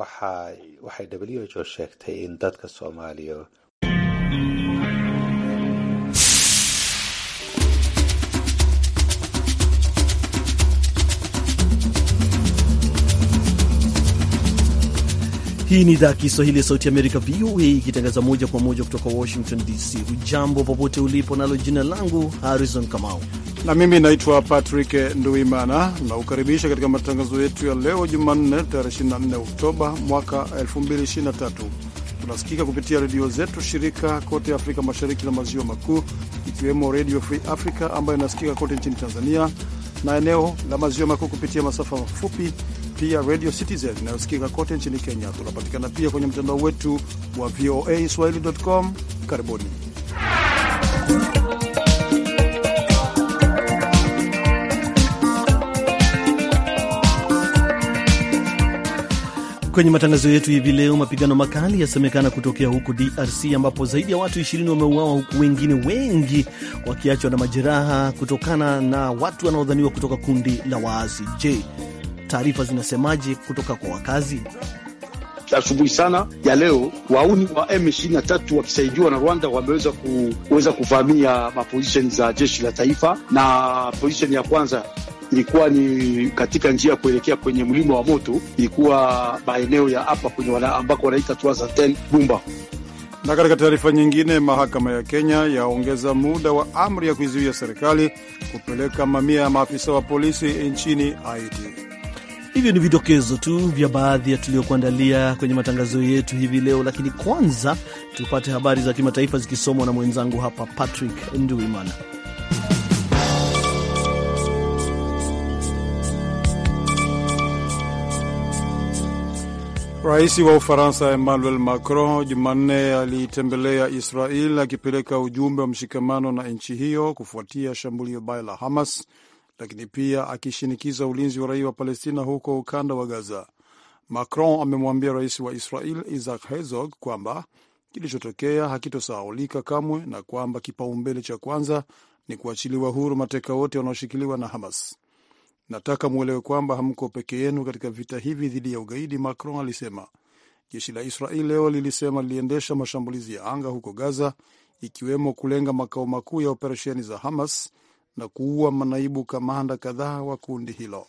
waxay w h o sheegtay in dadka soomaaliya Hii ni idhaa ya Kiswahili ya Sauti Amerika, VOA, ikitangaza moja kwa moja kutoka Washington DC. Ujambo popote ulipo, nalo jina langu Harrison Kamau na mimi naitwa Patrick Nduimana. Naukaribisha katika matangazo yetu ya leo Jumanne, tarehe 24 Oktoba mwaka 2023. Tunasikika kupitia redio zetu shirika kote Afrika Mashariki na Maziwa Makuu, ikiwemo Redio Free Africa ambayo inasikika kote nchini Tanzania na eneo la Maziwa Makuu kupitia masafa mafupi pia Radio Citizen inayosikika kote nchini Kenya. Tunapatikana pia kwenye mtandao wetu wa VOA swahili.com. Karibuni. Kwenye matangazo yetu hivi leo, mapigano makali yasemekana kutokea huko DRC ambapo zaidi ya watu 20 wameuawa huku wengine wengi wakiachwa na majeraha kutokana na watu wanaodhaniwa kutoka kundi la waasi. Je, taarifa zinasemaje kutoka kwa wakazi? Asubuhi sana ya leo wauni wa M23 wakisaidiwa na Rwanda wameweza kuweza kuvamia mapozisheni za jeshi la taifa, na pozisheni ya kwanza ilikuwa ni katika njia ya kuelekea kwenye mlima wa moto, ilikuwa maeneo ya hapa kwenye wana ambako wanaita ten Bumba. Na katika taarifa nyingine, mahakama ya Kenya yaongeza muda wa amri ya kuizuia serikali kupeleka mamia ya maafisa wa polisi nchini Haiti. Hivyo ni vidokezo tu vya baadhi ya tuliyokuandalia kwenye matangazo yetu hivi leo, lakini kwanza tupate habari za kimataifa zikisomwa na mwenzangu hapa Patrick Nduimana. Rais wa Ufaransa Emmanuel Macron Jumanne aliitembelea Israel akipeleka ujumbe wa mshikamano na nchi hiyo kufuatia shambulio baya la Hamas lakini pia akishinikiza ulinzi wa raia wa Palestina huko ukanda wa Gaza. Macron amemwambia rais wa Israel Isaac Herzog kwamba kilichotokea hakitosahaulika kamwe na kwamba kipaumbele cha kwanza ni kuachiliwa huru mateka wote wanaoshikiliwa na Hamas. Nataka mwelewe kwamba hamko peke yenu katika vita hivi dhidi ya ugaidi, Macron alisema. Jeshi la Israel leo lilisema liliendesha mashambulizi ya anga huko Gaza, ikiwemo kulenga makao makuu ya operesheni za Hamas na kuua manaibu kamanda kadhaa wa kundi hilo.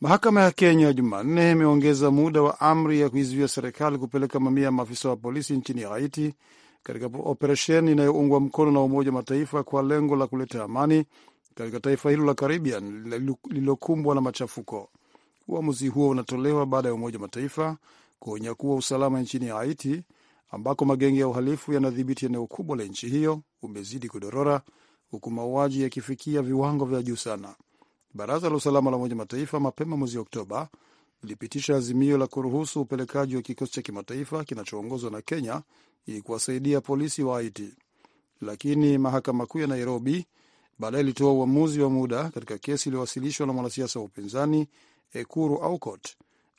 Mahakama ya Kenya Jumanne imeongeza muda wa amri ya kuizuia serikali kupeleka mamia ya maafisa wa polisi nchini Haiti katika operesheni inayoungwa mkono na Umoja wa Mataifa kwa lengo la kuleta amani katika taifa hilo la Caribbean lililokumbwa na machafuko. Uamuzi huo unatolewa baada ya Umoja wa Mataifa kuonya kuwa usalama nchini Haiti ambako magenge ya uhalifu yanadhibiti eneo kubwa la nchi hiyo umezidi kudorora huku mauaji yakifikia viwango vya juu sana. Baraza la usalama la Umoja Mataifa mapema mwezi Oktoba ilipitisha azimio la kuruhusu upelekaji wa kikosi cha kimataifa kinachoongozwa na Kenya ili kuwasaidia polisi wa Haiti, lakini mahakama kuu ya Nairobi baadaye ilitoa uamuzi wa muda katika kesi iliyowasilishwa na mwanasiasa wa upinzani Ekuru Aukot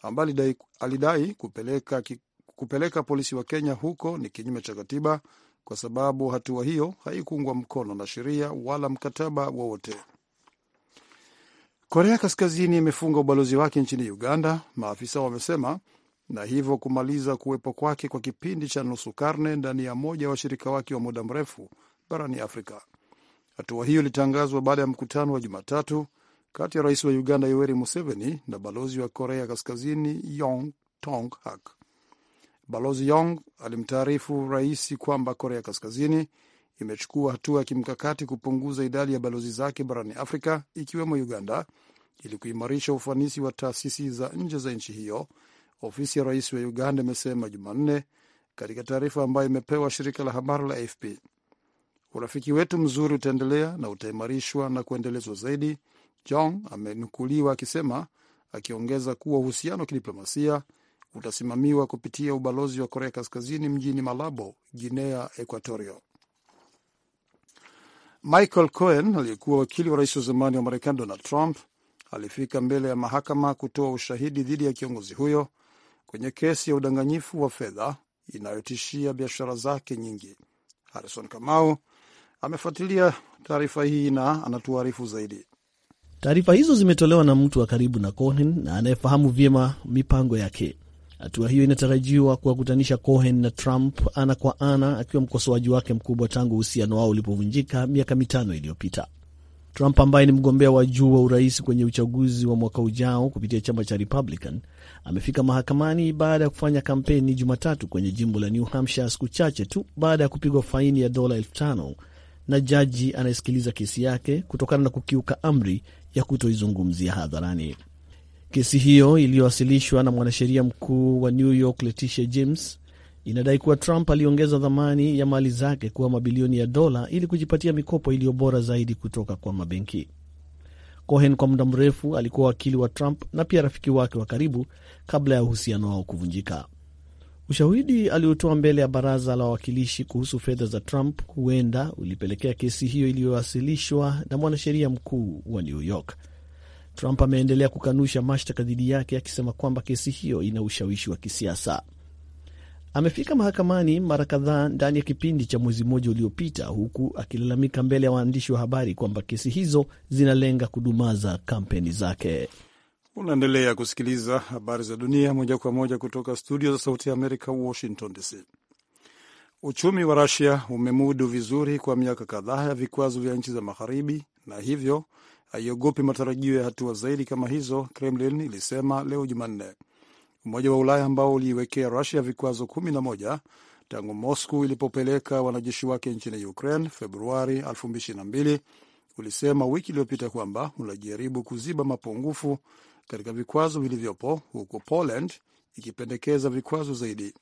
ambaye alidai kupeleka, kupeleka polisi wa Kenya huko ni kinyume cha katiba kwa sababu hatua hiyo haikuungwa mkono na sheria wala mkataba wowote. Korea Kaskazini imefunga ubalozi wake nchini Uganda, maafisa wamesema, na hivyo kumaliza kuwepo kwake kwa kipindi cha nusu karne ndani ya moja washirika wake wa muda mrefu barani Afrika. Hatua hiyo ilitangazwa baada ya mkutano wa Jumatatu kati ya rais wa Uganda Yoweri Museveni na balozi wa Korea Kaskazini Yong Tong Hak. Balozi Yong alimtaarifu rais kwamba Korea Kaskazini imechukua hatua ya kimkakati kupunguza idadi ya balozi zake barani Afrika, ikiwemo Uganda, ili kuimarisha ufanisi wa taasisi za nje za nchi hiyo. Ofisi ya rais wa Uganda imesema Jumanne katika taarifa ambayo imepewa shirika la habari la AFP. Urafiki wetu mzuri utaendelea na utaimarishwa na kuendelezwa zaidi, Jong amenukuliwa akisema, akiongeza kuwa uhusiano wa kidiplomasia utasimamiwa kupitia ubalozi wa Korea Kaskazini mjini Malabo, Guinea Equatorio. Michael Cohen aliyekuwa wakili wa rais wa zamani wa Marekani Donald Trump alifika mbele ya mahakama kutoa ushahidi dhidi ya kiongozi huyo kwenye kesi ya udanganyifu wa fedha inayotishia biashara zake nyingi. Harrison Kamau amefuatilia taarifa hii na anatuarifu zaidi. Taarifa hizo zimetolewa na mtu wa karibu na Cohen na anayefahamu vyema mipango yake. Hatua hiyo inatarajiwa kuwakutanisha Cohen na Trump ana kwa ana, akiwa mkosoaji wake mkubwa tangu uhusiano wao ulipovunjika miaka mitano iliyopita. Trump ambaye ni mgombea wa juu wa urais kwenye uchaguzi wa mwaka ujao kupitia chama cha Republican amefika mahakamani baada ya kufanya kampeni Jumatatu kwenye jimbo la New Hampshire, siku chache tu baada ya kupigwa faini ya dola elfu tano na jaji anayesikiliza kesi yake kutokana na kukiuka amri ya kutoizungumzia hadharani. Kesi hiyo iliyowasilishwa na mwanasheria mkuu wa New York Letitia James inadai kuwa Trump aliongeza dhamani ya mali zake kuwa mabilioni ya dola ili kujipatia mikopo iliyo bora zaidi kutoka kwa mabenki. Cohen kwa muda mrefu alikuwa wakili wa Trump na pia rafiki wake wa karibu kabla ya uhusiano wao kuvunjika. Ushahidi aliotoa mbele ya baraza la wawakilishi kuhusu fedha za Trump huenda ulipelekea kesi hiyo iliyowasilishwa na mwanasheria mkuu wa New York. Trump ameendelea kukanusha mashtaka dhidi yake akisema kwamba kesi hiyo ina ushawishi wa kisiasa. Amefika mahakamani mara kadhaa ndani ya kipindi cha mwezi mmoja uliopita, huku akilalamika mbele ya waandishi wa habari kwamba kesi hizo zinalenga kudumaza kampeni zake. Unaendelea kusikiliza habari za dunia moja kwa moja kutoka studio za Sauti ya Amerika, Washington DC. Uchumi wa Rusia umemudu vizuri kwa miaka kadhaa ya vikwazo vya nchi za Magharibi na hivyo haiogopi matarajio ya hatua zaidi kama hizo, Kremlin ilisema leo Jumanne. Umoja wa Ulaya ambao uliiwekea Rusia vikwazo kumi na moja tangu Moscow ilipopeleka wanajeshi wake nchini Ukraine Februari 2022 ulisema wiki iliyopita kwamba unajaribu kuziba mapungufu katika vikwazo vilivyopo, huku Poland ikipendekeza vikwazo zaidi.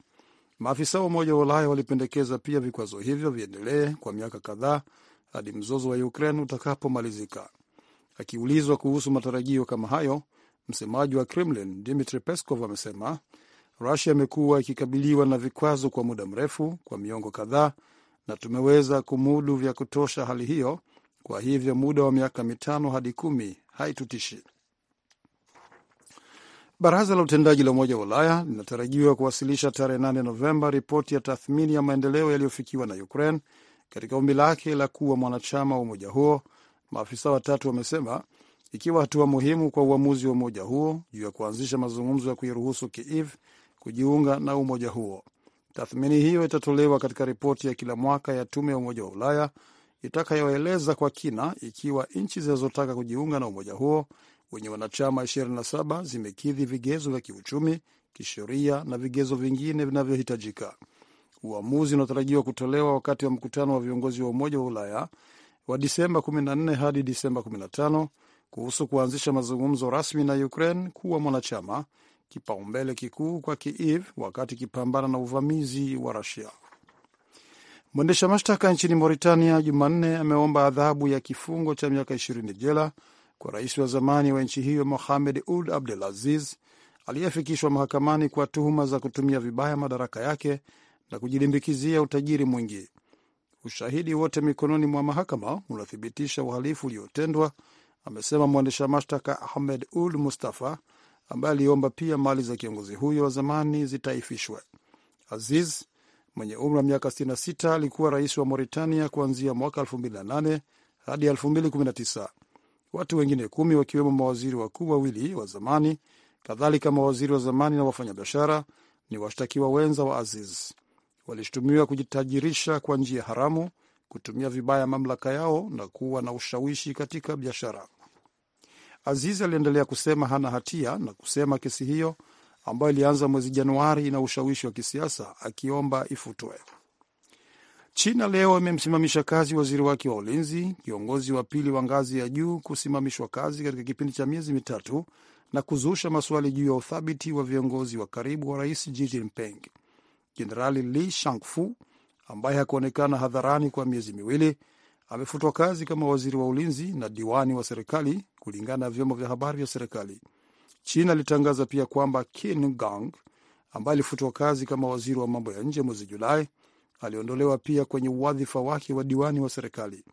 Maafisa wa Umoja wa Ulaya walipendekeza pia vikwazo hivyo viendelee kwa miaka kadhaa hadi mzozo wa Ukraine utakapomalizika. Akiulizwa kuhusu matarajio kama hayo, msemaji wa Kremlin Dmitri Peskov amesema Rusia imekuwa ikikabiliwa na vikwazo kwa muda mrefu, kwa miongo kadhaa, na tumeweza kumudu vya kutosha hali hiyo. Kwa hivyo muda wa miaka mitano hadi kumi haitutishi. Baraza la utendaji la Umoja wa Ulaya linatarajiwa kuwasilisha tarehe 8 Novemba ripoti ya tathmini ya maendeleo yaliyofikiwa na Ukraine katika ombi lake la kuwa mwanachama wa umoja huo Maafisa watatu wamesema ikiwa hatua muhimu kwa uamuzi wa umoja huo juu ya kuanzisha mazungumzo ya kuiruhusu Kiev kujiunga na umoja huo. Tathmini hiyo itatolewa katika ripoti ya kila mwaka ya tume ya Umoja wa Ulaya itakayoeleza kwa kina ikiwa nchi zinazotaka kujiunga na umoja huo wenye wanachama 27 zimekidhi vigezo vya kiuchumi, kisheria na vigezo vingine vinavyohitajika. Uamuzi unaotarajiwa kutolewa wakati wa mkutano wa viongozi wa Umoja wa Ulaya wa Disemba 14 hadi Disemba 15 kuhusu kuanzisha mazungumzo rasmi na Ukraine kuwa mwanachama, kipaumbele kikuu kwa Kiev wakati ikipambana na uvamizi wa Rusia. Mwendesha mashtaka nchini Mauritania Jumanne ameomba adhabu ya kifungo cha miaka 20 jela kwa rais wa zamani wa nchi hiyo Mohamed Ould Abdel Aziz aliyefikishwa mahakamani kwa tuhuma za kutumia vibaya madaraka yake na kujilimbikizia utajiri mwingi ushahidi wote mikononi mwa mahakama unathibitisha uhalifu uliotendwa, amesema mwendesha mashtaka Ahmed Ul Mustafa ambaye aliomba pia mali za kiongozi huyo wa zamani zitaifishwe. Aziz mwenye umri wa miaka 66 alikuwa rais wa Mauritania kuanzia mwaka 2008 hadi 2019. Watu wengine kumi wakiwemo mawaziri wakuu wawili wa zamani, kadhalika mawaziri wa zamani na wafanyabiashara ni washtakiwa wenza wa Aziz walishutumiwa kujitajirisha kwa njia haramu, kutumia vibaya mamlaka yao na kuwa na ushawishi katika biashara. Aziz aliendelea kusema hana hatia na kusema kesi hiyo ambayo ilianza mwezi Januari na ushawishi wa kisiasa, akiomba ifutwe. China leo imemsimamisha kazi waziri wake wa ulinzi, kiongozi wa pili wa ngazi ya juu kusimamishwa kazi katika kipindi cha miezi mitatu, na kuzusha maswali juu ya uthabiti wa viongozi wa karibu wa rais Xi Jinping. Jenerali Li Shangfu ambaye hakuonekana hadharani kwa miezi miwili amefutwa kazi kama waziri wa ulinzi na diwani wa serikali, kulingana na vyombo vya habari vya serikali. China ilitangaza pia kwamba Qin Gang ambaye alifutwa kazi kama waziri wa mambo ya nje mwezi Julai aliondolewa pia kwenye wadhifa wake wa diwani wa serikali.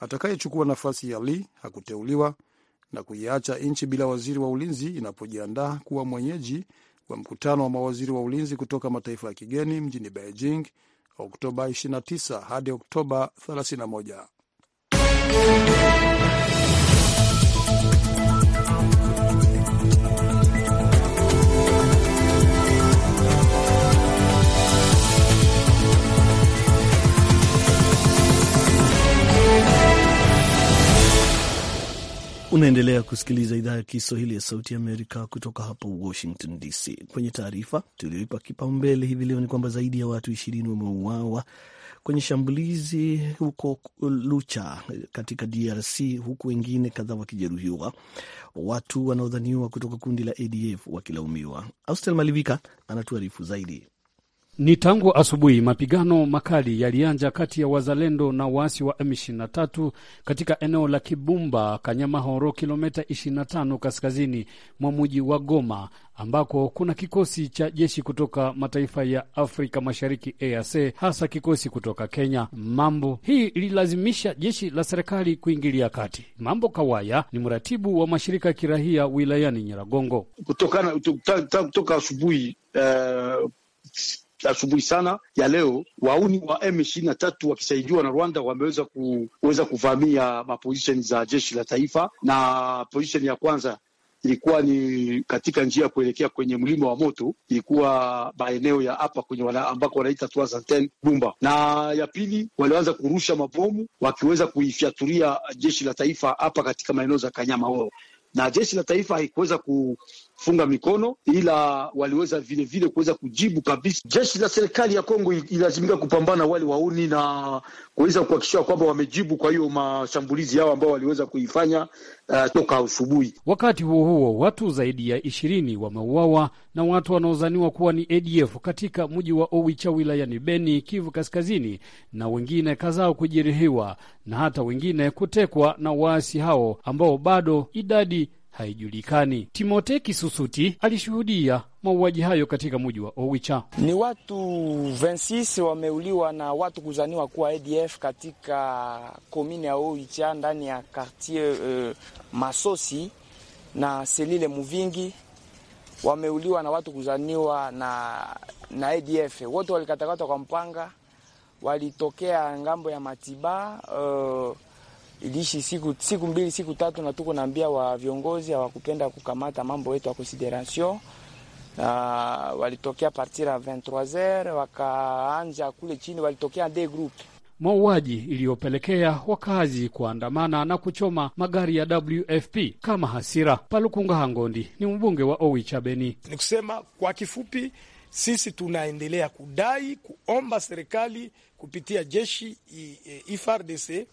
Atakayechukua nafasi ya Li hakuteuliwa na kuiacha nchi bila waziri wa ulinzi inapojiandaa kuwa mwenyeji kwa mkutano wa mawaziri wa ulinzi kutoka mataifa ya kigeni mjini Beijing Oktoba 29 hadi Oktoba 31. Unaendelea kusikiliza idhaa ya Kiswahili ya Sauti Amerika kutoka hapa Washington DC. Kwenye taarifa tulioipa kipaumbele hivi leo ni kwamba zaidi ya watu ishirini wameuawa kwenye shambulizi huko Lucha katika DRC, huku wengine kadhaa wakijeruhiwa, watu wanaodhaniwa kutoka kundi la ADF wakilaumiwa. Austel Malivika anatuarifu zaidi. Ni tangu asubuhi mapigano makali yalianza kati ya wazalendo na waasi wa M23 katika eneo la Kibumba, Kanyamahoro, kilomita 25 kaskazini mwa mji wa Goma, ambako kuna kikosi cha jeshi kutoka mataifa ya Afrika Mashariki EAC, hasa kikosi kutoka Kenya. Mambo hii ililazimisha jeshi la serikali kuingilia kati. Mambo Kawaya ni mratibu wa mashirika ya kirahia wilayani Nyiragongo. Kutoka asubuhi eh, asubuhi sana ya leo wauni wa M23 wakisaidiwa na Rwanda wameweza kuweza kuvamia mapozisheni za jeshi la taifa, na pozisheni ya kwanza ilikuwa ni katika njia ya kuelekea kwenye mlima wa moto, ilikuwa maeneo ya hapa kwenye wana, ambako wanaita Bumba, na ya pili walianza kurusha mabomu wakiweza kuifyaturia jeshi la taifa hapa katika maeneo za Kanyama wao, na jeshi la taifa haikuweza ku kufunga mikono, ila waliweza vilevile kuweza kujibu kabisa. Jeshi la serikali ya Kongo ilazimika kupambana wale wauni na kuweza kuhakikisha kwamba wamejibu kwa hiyo mashambulizi yao ambao waliweza kuifanya uh, toka asubuhi. Wakati huo huo, watu zaidi ya ishirini wameuawa na watu wanaozaniwa kuwa ni ADF katika mji wa Owicha wilayani Beni, Kivu Kaskazini, na wengine kadhaa kujeruhiwa na hata wengine kutekwa na waasi hao ambao bado idadi haijulikani. Timote Kisusuti alishuhudia mauaji hayo katika muji wa Owicha. Ni watu 26 wameuliwa na watu kuzaniwa kuwa ADF katika komine ya Owicha ndani ya kartier uh, Masosi na selile Muvingi wameuliwa na watu kuzaniwa na, na ADF. Wote walikatakatwa kwa mpanga, walitokea ngambo ya Matiba uh, iliishi siku, siku mbili siku tatu, na tuko naambia wa viongozi hawakupenda kukamata mambo yetu ya consideration. Uh, walitokea partir a 23h wakaanja kule chini, walitokea de group mauaji iliyopelekea wakazi kuandamana na kuchoma magari ya WFP kama hasira. Palukunga Hangondi ni mbunge wa Owicha Beni. Ni kusema kwa kifupi, sisi tunaendelea kudai kuomba serikali kupitia jeshi IFRDC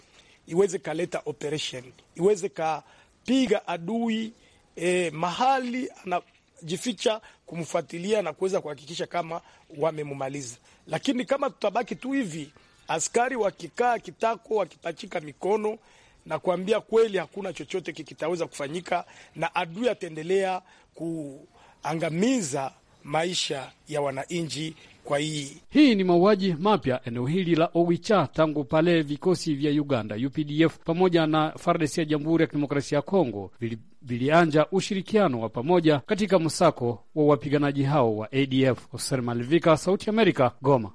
iweze kaleta operation, iweze kapiga adui eh, mahali anajificha, kumfuatilia na kuweza kuhakikisha kama wamemumaliza. Lakini kama tutabaki tu hivi, askari wakikaa kitako, wakipachika mikono na kuambia kweli, hakuna chochote kikitaweza kufanyika, na adui ataendelea kuangamiza maisha ya wananchi. Kwa hii hii ni mauaji mapya eneo hili la Owicha tangu pale vikosi vya Uganda UPDF pamoja na FARDC e ya Jamhuri ya Kidemokrasia ya Kongo vilianja ushirikiano wa pamoja katika msako wa wapiganaji hao wa ADF. Hoser Malivika, Sauti Amerika, Goma.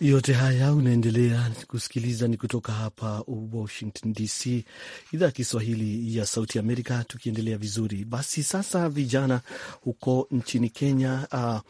Yote haya unaendelea kusikiliza ni kutoka hapa Washington DC, idhaa ya Kiswahili ya Sauti Amerika, tukiendelea vizuri. Basi sasa, vijana huko nchini Kenya uh,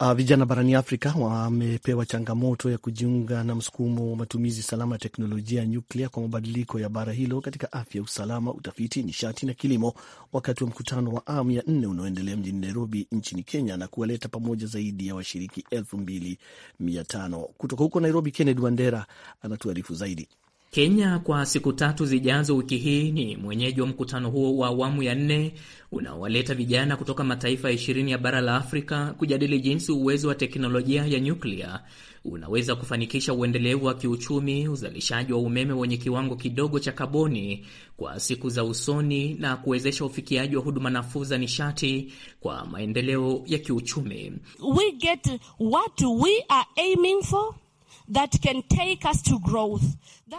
Uh, vijana barani Afrika wamepewa changamoto ya kujiunga na msukumo wa matumizi salama ya teknolojia ya nyuklia kwa mabadiliko ya bara hilo katika afya, usalama, utafiti, nishati na kilimo, wakati wa mkutano wa awamu ya nne unaoendelea mjini Nairobi nchini Kenya na kuwaleta pamoja zaidi ya washiriki elfu mbili mia tano kutoka huko Nairobi. Kennedy Wandera anatuarifu zaidi. Kenya kwa siku tatu zijazo wiki hii ni mwenyeji wa mkutano huo wa awamu ya nne unaowaleta vijana kutoka mataifa ishirini ya bara la Afrika kujadili jinsi uwezo wa teknolojia ya nyuklia unaweza kufanikisha uendelevu wa kiuchumi, uzalishaji wa umeme wenye kiwango kidogo cha kaboni kwa siku za usoni na kuwezesha ufikiaji wa huduma nafuu za nishati kwa maendeleo ya kiuchumi. We get what we are aiming for that can take us to growth.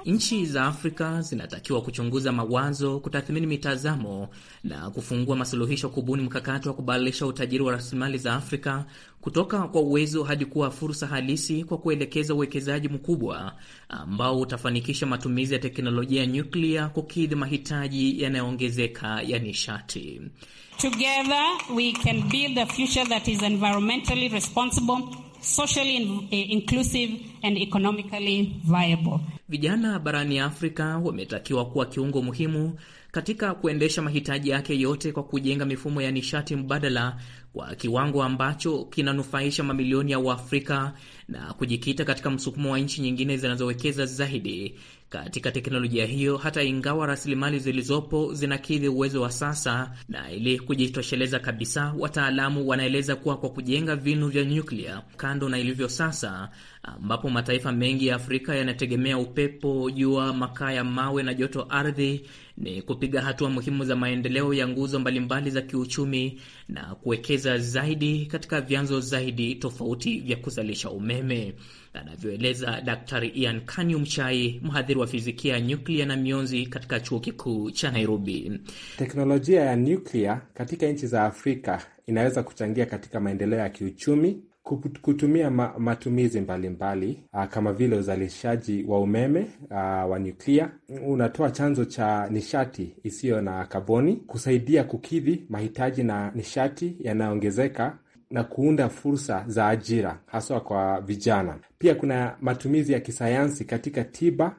Nchi za Afrika zinatakiwa kuchunguza mawazo, kutathmini mitazamo na kufungua masuluhisho, kubuni mkakati wa kubadilisha utajiri wa rasilimali za Afrika kutoka kwa uwezo hadi kuwa fursa halisi kwa kuelekeza uwekezaji mkubwa ambao utafanikisha matumizi ya teknolojia ya nyuklia kukidhi mahitaji yanayoongezeka ya nishati. Together we can build a future that is environmentally responsible socially eh, inclusive and economically viable. Vijana barani Afrika wametakiwa kuwa kiungo muhimu katika kuendesha mahitaji yake yote kwa kujenga mifumo ya nishati mbadala kwa kiwango ambacho kinanufaisha mamilioni ya Waafrika na kujikita katika msukumo wa nchi nyingine zinazowekeza zaidi katika teknolojia hiyo, hata ingawa rasilimali zilizopo zinakidhi uwezo wa sasa. Na ili kujitosheleza kabisa, wataalamu wanaeleza kuwa kwa kujenga vinu vya nyuklia, kando na ilivyo sasa, ambapo mataifa mengi ya Afrika yanategemea upepo, jua, makaa ya mawe na joto ardhi ni kupiga hatua muhimu za maendeleo ya nguzo mbalimbali za kiuchumi na kuwekeza zaidi katika vyanzo zaidi tofauti vya kuzalisha umeme, anavyoeleza Daktari Ian Kanyu Mchai, mhadhiri wa fizikia ya nyuklia na mionzi katika chuo kikuu cha Nairobi. Teknolojia ya nyuklia katika nchi za Afrika inaweza kuchangia katika maendeleo ya kiuchumi kutumia matumizi mbalimbali mbali, ah, kama vile uzalishaji wa umeme ah, wa nyuklia unatoa chanzo cha nishati isiyo na kaboni, kusaidia kukidhi mahitaji na nishati yanayoongezeka na kuunda fursa za ajira haswa kwa vijana. Pia kuna matumizi ya kisayansi katika tiba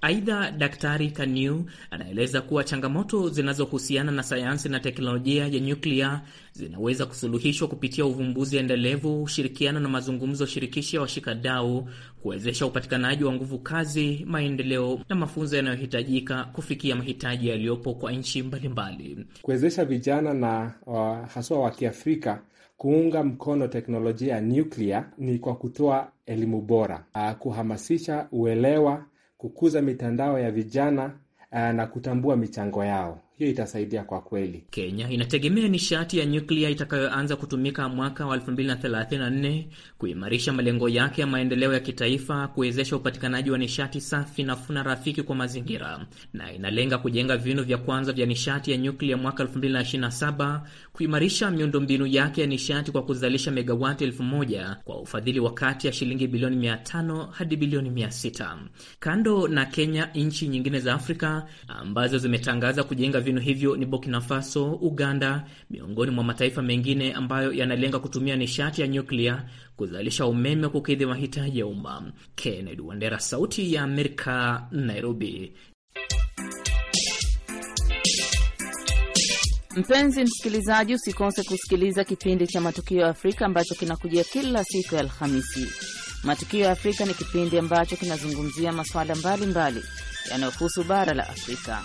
Aidha, Daktari Kaniu anaeleza kuwa changamoto zinazohusiana na sayansi na teknolojia ya nyuklia zinaweza kusuluhishwa kupitia uvumbuzi endelevu, ushirikiano na mazungumzo shirikishi ya washikadau, kuwezesha upatikanaji wa nguvu kazi, maendeleo na mafunzo yanayohitajika kufikia mahitaji yaliyopo kwa nchi mbalimbali, kuwezesha vijana na wa, uh, haswa wa Kiafrika kuunga mkono teknolojia ya nyuklia ni kwa kutoa elimu bora, uh, kuhamasisha uelewa kukuza mitandao ya vijana eh, na kutambua michango yao hiyo itasaidia kwa kweli. Kenya inategemea nishati ya nyuklia itakayoanza kutumika mwaka wa 2034 kuimarisha malengo yake ya maendeleo ya kitaifa, kuwezesha upatikanaji wa nishati safi na funa rafiki kwa mazingira, na inalenga kujenga vinu vya kwanza vya nishati ya nyuklia mwaka 2027, kuimarisha miundombinu yake ya nishati kwa kuzalisha megawati 1000 kwa ufadhili wa kati ya shilingi bilioni 500 hadi bilioni 600. Kando na Kenya, nchi nyingine za Afrika ambazo zimetangaza kujenga vinu hivyo ni Burkina Faso, Uganda, miongoni mwa mataifa mengine ambayo yanalenga kutumia nishati ya nyuklia kuzalisha umeme wa kukidhi mahitaji ya umma. Kennedy Wandera, Sauti ya Amerika, Nairobi. Mpenzi msikilizaji, usikose kusikiliza kipindi cha Matukio ya Afrika ambacho kinakujia kila siku ya Alhamisi. Matukio ya Afrika ni kipindi ambacho kinazungumzia masuala mbalimbali yanayohusu bara la Afrika.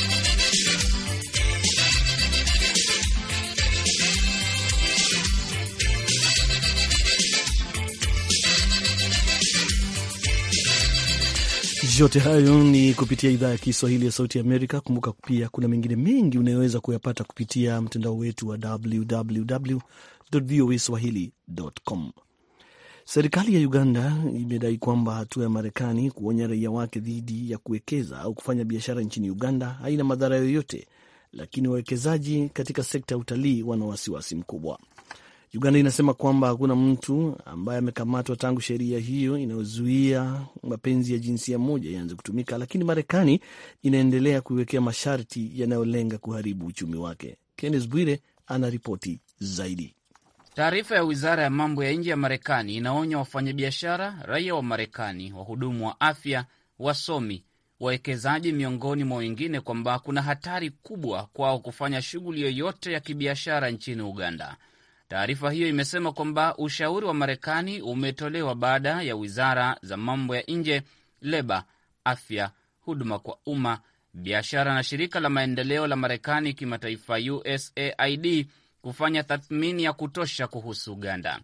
Yote hayo ni kupitia idhaa ya Kiswahili ya Sauti Amerika. Kumbuka pia kuna mengine mengi unayoweza kuyapata kupitia mtandao wetu wa www.voaswahili.com. Serikali ya Uganda imedai kwamba hatua ya Marekani kuonya raia wake dhidi ya kuwekeza au kufanya biashara nchini Uganda haina madhara yoyote, lakini wawekezaji katika sekta ya utalii wana wasiwasi mkubwa. Uganda inasema kwamba hakuna mtu ambaye amekamatwa tangu sheria hiyo inayozuia mapenzi ya jinsia moja ianze kutumika, lakini Marekani inaendelea kuiwekea masharti yanayolenga kuharibu uchumi wake. kennes Bwire anaripoti zaidi. Taarifa ya wizara ya mambo ya nje ya Marekani inaonya wafanyabiashara, raia wa Marekani, wahudumu wa afya, wasomi, wawekezaji, miongoni mwa wengine, kwamba kuna hatari kubwa kwao kufanya shughuli yoyote ya kibiashara nchini Uganda. Taarifa hiyo imesema kwamba ushauri wa Marekani umetolewa baada ya wizara za mambo ya nje, leba, afya, huduma kwa umma, biashara na shirika la maendeleo la Marekani kimataifa USAID kufanya tathmini ya kutosha kuhusu Uganda.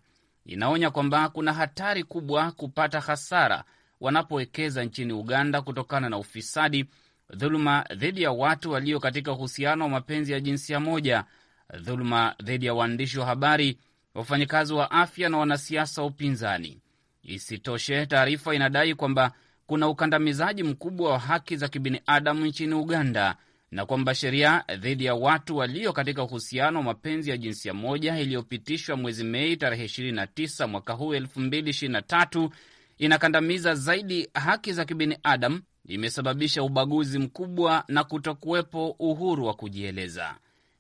Inaonya kwamba kuna hatari kubwa kupata hasara wanapowekeza nchini Uganda kutokana na ufisadi, dhuluma dhidi ya watu walio katika uhusiano wa mapenzi ya jinsia moja dhuluma dhidi ya waandishi wa habari, wafanyakazi wa afya na wanasiasa wa upinzani. Isitoshe, taarifa inadai kwamba kuna ukandamizaji mkubwa wa haki za kibinadamu nchini Uganda na kwamba sheria dhidi ya watu walio katika uhusiano wa mapenzi ya jinsia moja iliyopitishwa mwezi Mei tarehe 29 mwaka huu 2023 inakandamiza zaidi haki za kibinadamu, imesababisha ubaguzi mkubwa na kutokuwepo uhuru wa kujieleza.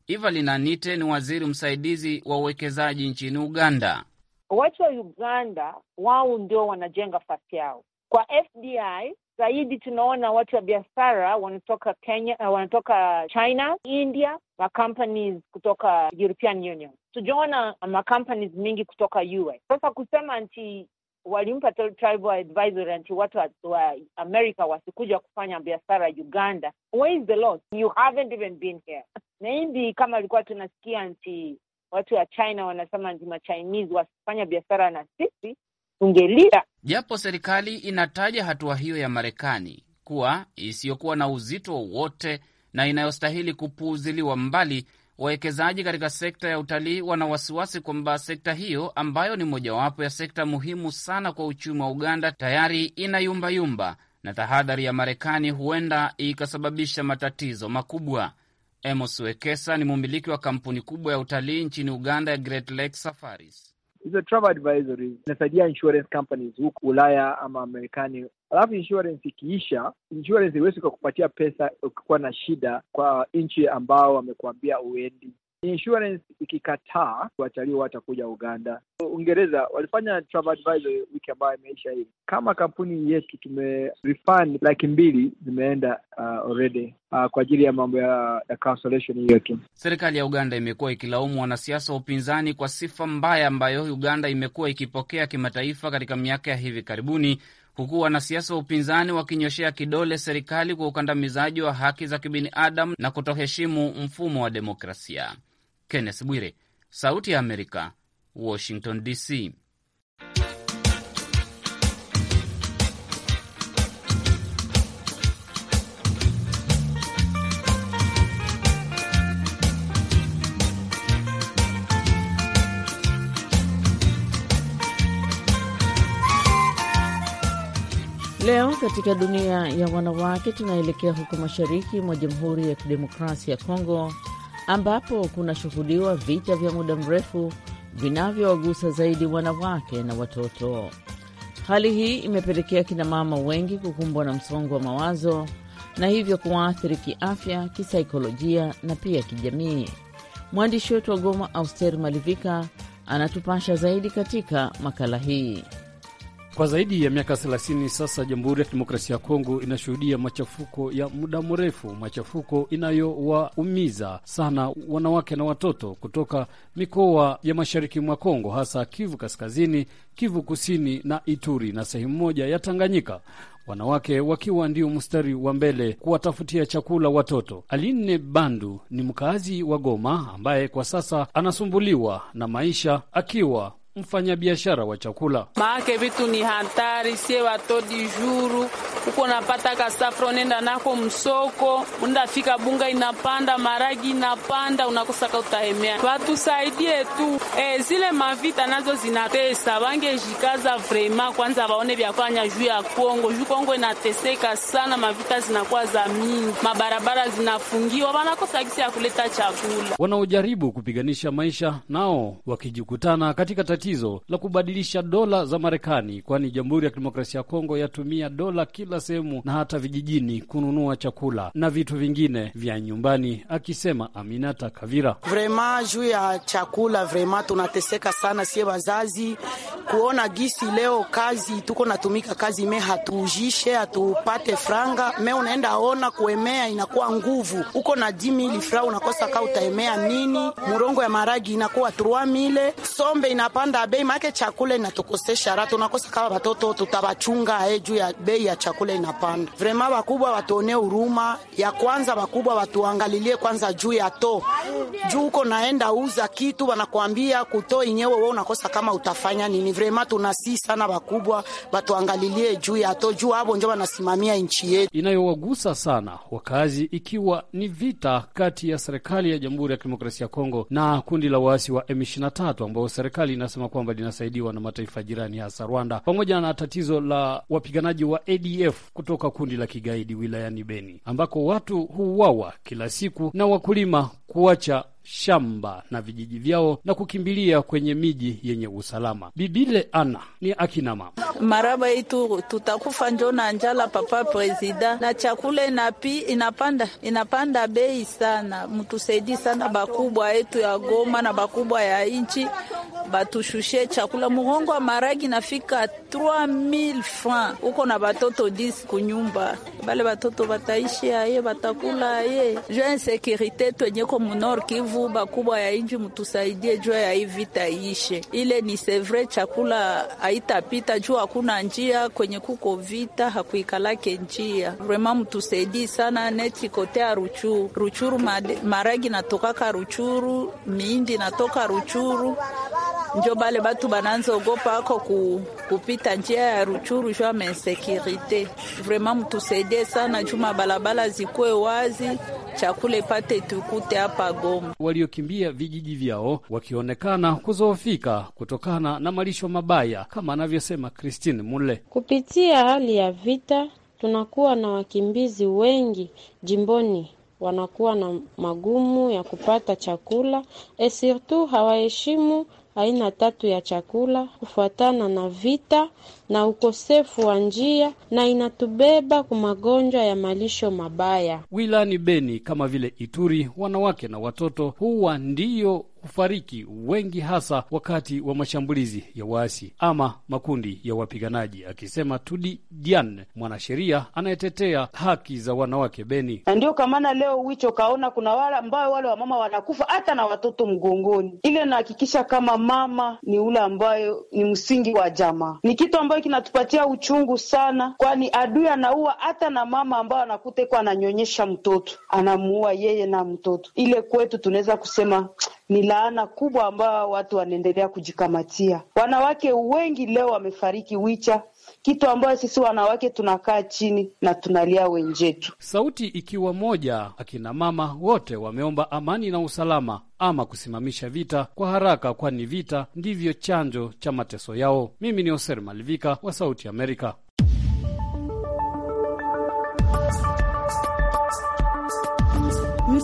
Evelyn Anite ni waziri msaidizi wa uwekezaji nchini Uganda. Watu wa Uganda wao ndio wanajenga fasi yao kwa FDI zaidi. Tunaona watu wa biashara wanatoka Kenya, eh, wanatoka China, India, makampani kutoka European Union. Tujaona makampani mingi kutoka US. Sasa kusema nti walimpa tribal advisory anti watu wa amerika wasikuja kufanya biashara Uganda, where is the law? You haven't even been here na hindi kama alikuwa tunasikia nti watu wa China wanasema ndi machinese wasifanya biashara na sisi tungelia. Japo serikali inataja hatua hiyo ya Marekani kuwa isiyokuwa na uzito wowote na inayostahili kupuuziliwa mbali, wawekezaji katika sekta ya utalii wana wasiwasi kwamba sekta hiyo ambayo ni mojawapo ya sekta muhimu sana kwa uchumi wa Uganda tayari ina yumba, na tahadhari ya Marekani huenda ikasababisha matatizo makubwa. Emos Wekesa ni mumiliki wa kampuni kubwa ya utalii nchini Uganda ya Great Lake Safaris. Hizo travel advisories insurance companies huku Ulaya ama Amerikani. Alafu insurance ikiisha, insurance iwezi kwa kupatia pesa ukikuwa na shida kwa nchi ambao wamekuambia uendi. Insurance ikikataa watalii watakuja Uganda. Uingereza walifanya travel advisory wiki ambayo imeisha hii. Kama kampuni yetu tume refund laki mbili zimeenda uh, already uh, kwa ajili ya mambo ya cancellation yetu. Serikali ya Uganda imekuwa ikilaumu wanasiasa wa upinzani kwa sifa mbaya ambayo Uganda imekuwa ikipokea kimataifa katika miaka ya hivi karibuni, huku wanasiasa wa upinzani wakinyoshea kidole serikali kwa ukandamizaji wa haki za kibinadamu na kutoheshimu mfumo wa demokrasia. Kenneth Bwire, Sauti ya Amerika, Washington DC. Leo katika dunia ya wanawake tunaelekea huko mashariki mwa Jamhuri ya Kidemokrasia ya Kongo ambapo kunashuhudiwa vita vya muda mrefu vinavyowagusa zaidi wanawake na watoto. Hali hii imepelekea kinamama wengi kukumbwa na msongo wa mawazo na hivyo kuwaathiri kiafya, kisaikolojia na pia kijamii. Mwandishi wetu wa Goma, Auster Malivika, anatupasha zaidi katika makala hii. Kwa zaidi ya miaka 30 sasa, Jamhuri ya Kidemokrasia ya Kongo inashuhudia machafuko ya muda mrefu, machafuko inayowaumiza sana wanawake na watoto kutoka mikoa ya mashariki mwa Kongo, hasa Kivu Kaskazini, Kivu Kusini na Ituri na sehemu moja ya Tanganyika, wanawake wakiwa ndio mstari wa mbele kuwatafutia chakula watoto. Aline Bandu ni mkazi wa Goma ambaye kwa sasa anasumbuliwa na maisha akiwa mfanyabiashara wa chakula. Maake vitu ni hatari, sie watodi juru uko napata kasafra, unaenda nako msoko, fika bunga inapanda, maragi inapanda, ka utahemea. Watusaidie tu e, zile mavita nazo zinatesa, jikaza vrema kwanza waone vyafanya juu ya Kongo. Juu Kongo inateseka sana, mavita zinakuwa za mingi, mabarabara zinafungiwa, wanakosa gisi ya kuleta chakula. Wanaojaribu kupiganisha maisha nao wakijikutana katika tati tatizo la kubadilisha dola za Marekani, kwani Jamhuri ya Kidemokrasia ya Kongo yatumia dola kila sehemu na hata vijijini kununua chakula na vitu vingine vya nyumbani, akisema Aminata Kavira. Vrema juu ya chakula, vrema tunateseka sana sie wazazi, kuona gisi leo kazi tuko natumika kazi me hatujishe hatupate franga me unaenda ona kuemea inakuwa nguvu, uko na ili fra unakosa ka utaemea nini, murongo ya maragi inakuwa 3000 sombe inapanda kupanda bei, maana chakula inatukosesha raha, tunakosa kama watoto tutabachunga eh, juu ya bei ya chakula inapanda. Vrema wakubwa watuonee huruma ya kwanza, wakubwa watuangalilie kwanza juu ya to juu huko naenda uza kitu wanakuambia kuto inyewe, wewe unakosa kama utafanya nini? Vrema tunasi sana wakubwa watuangalilie juu ya to juu hapo ndio wanasimamia nchi yetu. Inayowagusa sana wakazi ikiwa ni vita kati ya serikali ya Jamhuri ya Kidemokrasia ya Kongo na kundi la waasi wa M23 ambao serikali inasema wanasema kwamba linasaidiwa na mataifa jirani hasa Rwanda, pamoja na tatizo la wapiganaji wa ADF kutoka kundi la kigaidi wilayani Beni ambako watu huuawa kila siku na wakulima kuacha shamba na vijiji vyao na kukimbilia kwenye miji yenye usalama. Bibile ana ni akinama maraba itu tutakufa njo na njala papa presida na chakula inapi inapanda inapanda bei sana, mtusaidi sana bakubwa yetu ya Goma na bakubwa ya nchi batushushe chakula muhongo wa maragi nafika 3000 francs, uko na batoto 10 kunyumba bale batoto bataishi aye batakula aye juu ya insekirite twenyeko munor Kivu, bakubwa ya inji mutusaidie juu ya hii vita iishe. Ile ni sevre chakula haitapita juu hakuna njia kwenye kuko vita hakuikalake njia vrema, mtusaidie sana neti kotea Ruchuru, Ruchuru maragi natokaka Ruchuru, miindi natoka Ruchuru njo bale batu bananza ogopa ako ku, kupita njia ya Ruchuru juu ya mensekirite vrema mtusaidie tusaidie sana chuma, barabara zikuwe wazi, chakula ipate tukute hapa Goma. Waliokimbia vijiji vyao wakionekana kuzoofika kutokana na malisho mabaya, kama anavyosema Christine Mule. Kupitia hali ya vita, tunakuwa na wakimbizi wengi jimboni wanakuwa na magumu ya kupata chakula, esirtu eh, hawaheshimu aina tatu ya chakula kufuatana na vita na ukosefu wa njia na inatubeba kwa magonjwa ya malisho mabaya. wilani Beni kama vile Ituri, wanawake na watoto huwa ndiyo kufariki, wengi hasa wakati wa mashambulizi ya waasi ama makundi ya wapiganaji, akisema Tudi Dian, mwanasheria anayetetea haki za wanawake Beni. Na ndio kwa maana leo wicho kaona kuna wale ambayo wale wamama wanakufa hata na watoto mgongoni, ile nahakikisha kama mama ni ule ambayo ni msingi wa jamaa, ni kitu ambayo kinatupatia uchungu sana, kwani adui anaua hata na mama ambayo anakuta ananyonyesha mtoto, anamuua yeye na mtoto. Ile kwetu tunaweza kusema ni laana kubwa ambayo watu wanaendelea kujikamatia. Wanawake wengi leo wamefariki wicha, kitu ambayo sisi wanawake tunakaa chini na tunalia wenjetu, sauti ikiwa moja. Akina mama wote wameomba amani na usalama ama kusimamisha vita kwa haraka, kwani vita ndivyo chanjo cha mateso yao. Mimi ni Oser Malivika wa Sauti Amerika.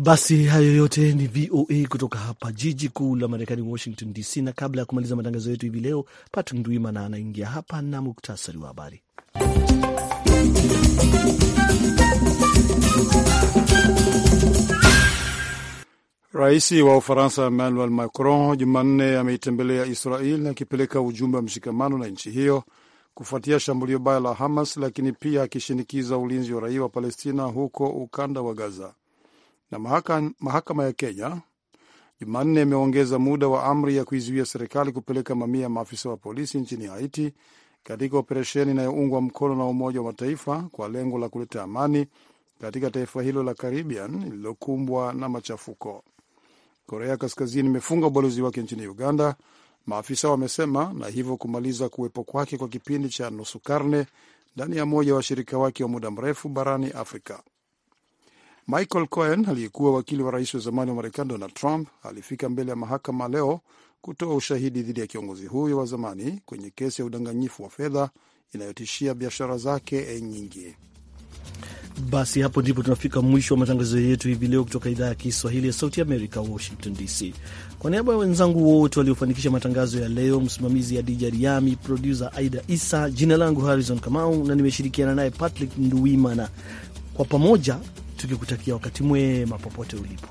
Basi hayo yote ni VOA kutoka hapa jiji kuu la Marekani, Washington DC. Na kabla ya kumaliza matangazo yetu hivi leo, Patrick Ndwimana anaingia hapa na muktasari wa habari. Rais wa Ufaransa Emmanuel Macron Jumanne ameitembelea Israel akipeleka ujumbe wa mshikamano na nchi hiyo kufuatia shambulio baya la Hamas, lakini pia akishinikiza ulinzi wa raia wa Palestina huko ukanda wa Gaza na mahakama, mahakama ya Kenya Jumanne imeongeza muda wa amri ya kuizuia serikali kupeleka mamia ya maafisa wa polisi nchini Haiti katika operesheni inayoungwa mkono na Umoja wa Mataifa kwa lengo la kuleta amani katika taifa hilo la Caribbean lililokumbwa na machafuko. Korea Kaskazini imefunga ubalozi wake nchini Uganda, maafisa wamesema, na hivyo kumaliza kuwepo kwake kwa kipindi cha nusu karne ndani ya moja wa washirika wake wa muda mrefu barani Afrika. Michael Cohen aliyekuwa wakili wa rais wa zamani wa Marekani Donald Trump alifika mbele ya mahakama leo kutoa ushahidi dhidi ya kiongozi huyo wa zamani kwenye kesi ya udanganyifu wa fedha inayotishia biashara zake nyingi. Basi hapo ndipo tunafika mwisho wa matangazo yetu hivi leo kutoka idhaa ya Kiswahili ya Sauti Amerika, Washington DC. Kwa niaba ya wenzangu wote waliofanikisha matangazo ya leo, msimamizi Adija Riami, produsa Aida Isa, jina langu Harrison Kamau na nimeshirikiana naye Patrick Nduwimana, kwa pamoja tukikutakia wakati mwema popote ulipo.